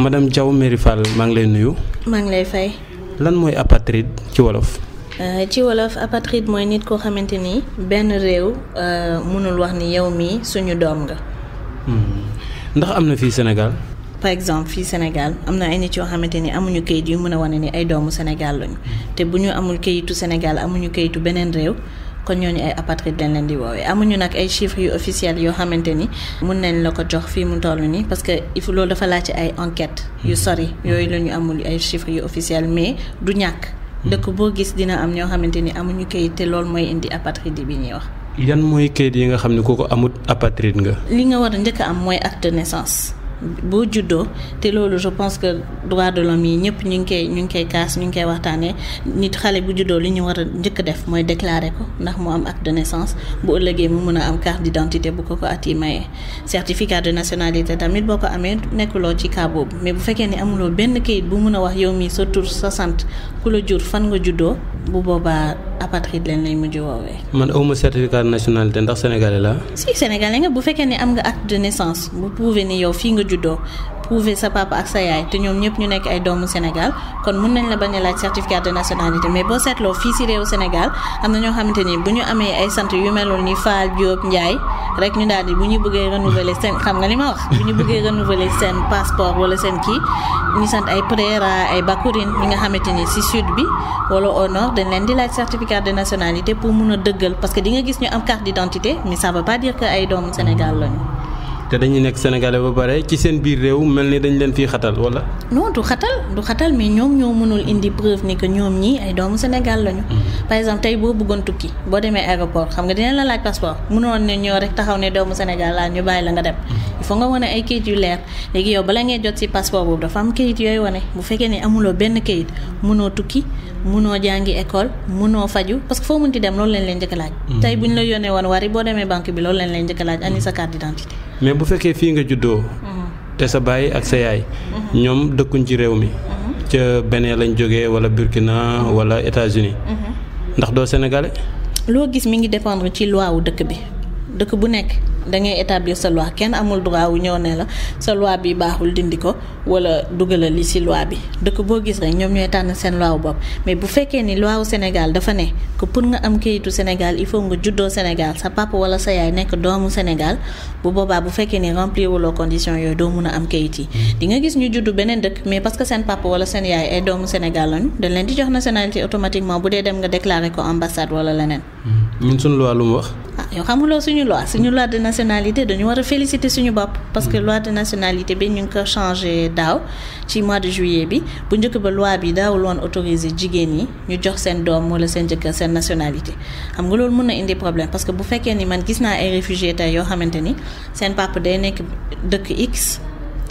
madame jaw Merry Fall maa ngi lay nuyu. maa ngi lay fay. lan mooy apatride ci wolof. Euh, ci wolof apatride mooy nit koo xamante ni benn réew euh, mënul wax ni yow mii suñu doom nga. Hmm. ndax am na fii Sénégal. par exemple fii Sénégal am na ay nit yoo xamante ni amuñu kayit yu mën a wane ni ay doomu Sénégal lañu hmm. te bu ñu amul kayitu Sénégal amuñu kayitu beneen réew. kon ñooñu ay apatrides lañ leen di woowee amuñu nag ay chiffres yu officiels yoo xamante ni mun nañ la ko jox fii mu toll nii parce que il faut loolu dafa laaj ay enquêtes yu hmm. sori hmm. yooyu la ñu amul ay chiffres yu officiels mais du ñàkk. Hmm. dëkk boo gis dina am ñoo xamante ni amuñu kayit te loolu mooy indi apatride bi ñuy wax. yan mooy kayit yi nga xam ne ku ko amut apatride nga. li nga war a njëkk am mooy acte de naissance. boo juddoo te loolu je pense que droit de l'homme yi ñëpp ñu ngi koy ñu ngi koy kaas ñu ngi koy waxtaanee nit xale bu juddoo li ñu war a njëkk def mooy déclarer ko ndax mu am ak de bu ëllëgee mu mun a am carte d'identité bu ko ko at yi mayee certificat de nationalité tamit boo ko amee nekkuloo ci cas boobu mais bu fekkee ni amuloo benn kayit bu mun a wax yow mii sa tur sa sant ku la jur fan nga juddoo bu boobaa apatride leen lay mujj woowee. man awma certificat de nationalité ndax sénégalais laa. si sénégalais nga bu fekkee ne am nga acte de naissance bu prouver ni yow fii nga juddoo prouver sa papa ak sa yaay te ñoom ñëpp ñu nekk ay doomu Sénégal kon mun nañ la bañ a laaj certificat de nationalité mais boo seetloo fii si réew Sénégal am na ñoo xamante ni bu ñu amee ay sant yu meloon ni Fall Diop Ndiaye. rek ñu daal di bu ñu bëggee renouveler seen xam nga li ma wax bu ñu bëggee renouveler seen passeport wala seen kii ñu sant ay Prera ay Bakourine ñi nga xamante ni si sud bi wala au nord dañ leen di laaj certificat de nationalité pour mun a dëggal parce que di nga gis ñu am carte d'identité mais ça veut pas dire ay doomu Sénégal lañu te dañu nekk sénégalais ba pare ci seen biir réew mel ni dañ leen fii xatal wala. non du xatal du xatal mais ñoom ñoo mënul indi preuve ni que ñoom ñii ay doomu Sénégal lañu. Mm-hmm. par exemple tey boo bëggoon tukki boo demee aéroport xam nga dinañ la laaj passeport mënoon ne ñoo rek taxaw ne doomu Sénégal laa ñu bàyyi la nga dem. Mm-hmm. il faut nga wane ay kayit yu leer léegi yow bala ngay jot ci passeport boobu dafa am kayit yooy wane bu fekkee ne amuloo benn kayit mënoo tukki mënoo jàngi école mënoo faju parce que mm-hmm. la yónnee woon wari sa carte mais bu fekkee fii nga juddoo. te sa baay ak sa yaay. ñoom dëkkuñ ci réew mi. ca Benin lañ jógee wala Burkina wala États-Unis ndax doo sénégalais. loo gis mi ngi dépendre ci loi wu dëkk bi. dëkk bu nekk da ngay établir sa loi kenn amul droit wu ñëw ne la sa loi bi baaxul dindi ko wala dugalal li ci loi bi dëkk boo gis rek ñoom ñooy tànn seen loi wu bopp mais bu fekkee ni loi wu Sénégal dafa ne pour nga am kayitu Sénégal il faut nga juddoo Sénégal sa papa wala sa yaay nekk doomu Sénégal bu boobaa bu fekkee ni remplir wuloo condition yooyu doo mun a am kayit yi hmm. di nga gis ñu juddu beneen dëkk mais parce que seen papa wala seen yaay ay doomu Sénégal lañu dañ leen di jox nationalité automatiquement bu dee dem nga déclarer ko ambassade wala leneen. Hmm. ñun suñu loi lu wax. yow xamuloo suñu loi suñu loi de nationalité dañu war a suñu bopp parce que mm. loi de nationalité bi ñu ngi ko changé daaw ci mois de juillet bi bu njëkk ba loi bi daawul woon autoriser jigéen yi ñu jox seen doom wala seen jëkkër seen nationalité xam nga loolu mën na indi problème parce que bu fekkee ni man gis naa ay réfugiés tey yoo xamante ni seen papa day nekk dëkk X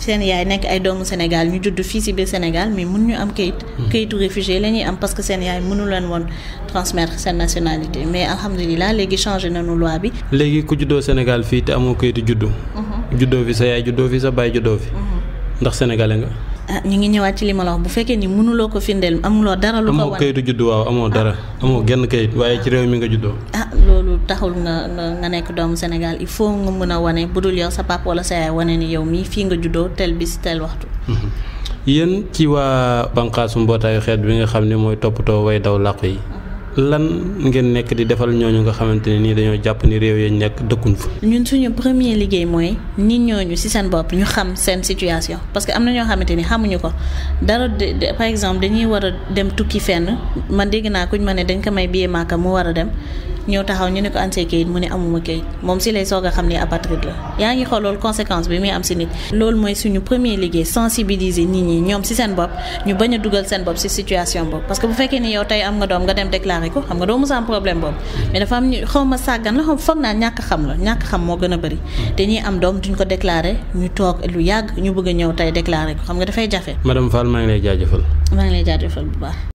seen yaay nekk ay doomu Sénégal ñu judd fii ci biir Sénégal mais mun ñu am kayit hmm. kayitu réfugié la am parce seen yaay mënu leen woon transmettre seen nationalité mais alhamdulilah léegi changé nañu loi léegi ku juddoo Sénégal fii te amoo kayitu juddu hmm. juddoo fi sa yaay juddoo fi sa baay juddoo fi hmm. ndax sénégalais nga ah ñu ngi ñëwaat ci li ma la wax bu fekkee ni mënuloo ko findeel amuloo dara lu ko wane amoo kayitu juddu waaw amoo dara ah. amoo mi nga loolu taxul nga nga nekk doomu Sénégal il faut nga mën a wane bu dul yow sa papa wala sa yaay wane ni yow mii fii nga juddoo tel bis tel waxtu. Mhm. yéen ci waa bànqaasu mbootaayu xeet bi nga xam ne mooy toppatoo way daw làqu yi. Mhm. lan ngeen nekk di defal ñooñu nga xamante ne nii dañoo jàpp ni réew yañ nekk dëkkuñ fa. ñun suñu premier liggéey mooy nit ñooñu ci seen bopp ñu xam seen situation parce que am na ñoo xamante ni xamuñu ko dara de par exemple dañuy war a dem tukki fenn man dégg naa kuñ ma ne dañ ko may billet Màkka war a dem. ñëw taxaw ñu ne ko ansee kayit mu ne amuma kayit moom si lay soog a xam ne apatride la yaa ngi xoolool loolu conséquence bi muy am si nit lool mooy suñu premier liggéey sensibiliser nit ñi ñoom si seen bopp ñu baña dugal seen bopp si situation boobu parce que bu fekkee ni yow tey am nga doom nga dem déclarer ko xam nga doo mos am problème boobu mais dafa am ñu xaw ma sàggan la foog naa ñàkk xam la ñàkk xam moo gën a bëri te ñuy am doom duñ ko déclarer ñu toog lu yàgg ñu bëgg a ñëw tey déclarer xam nga dafay jafe madame Fall maa ngi lay jaajëfal maa ngi lay jaajëfal bu baax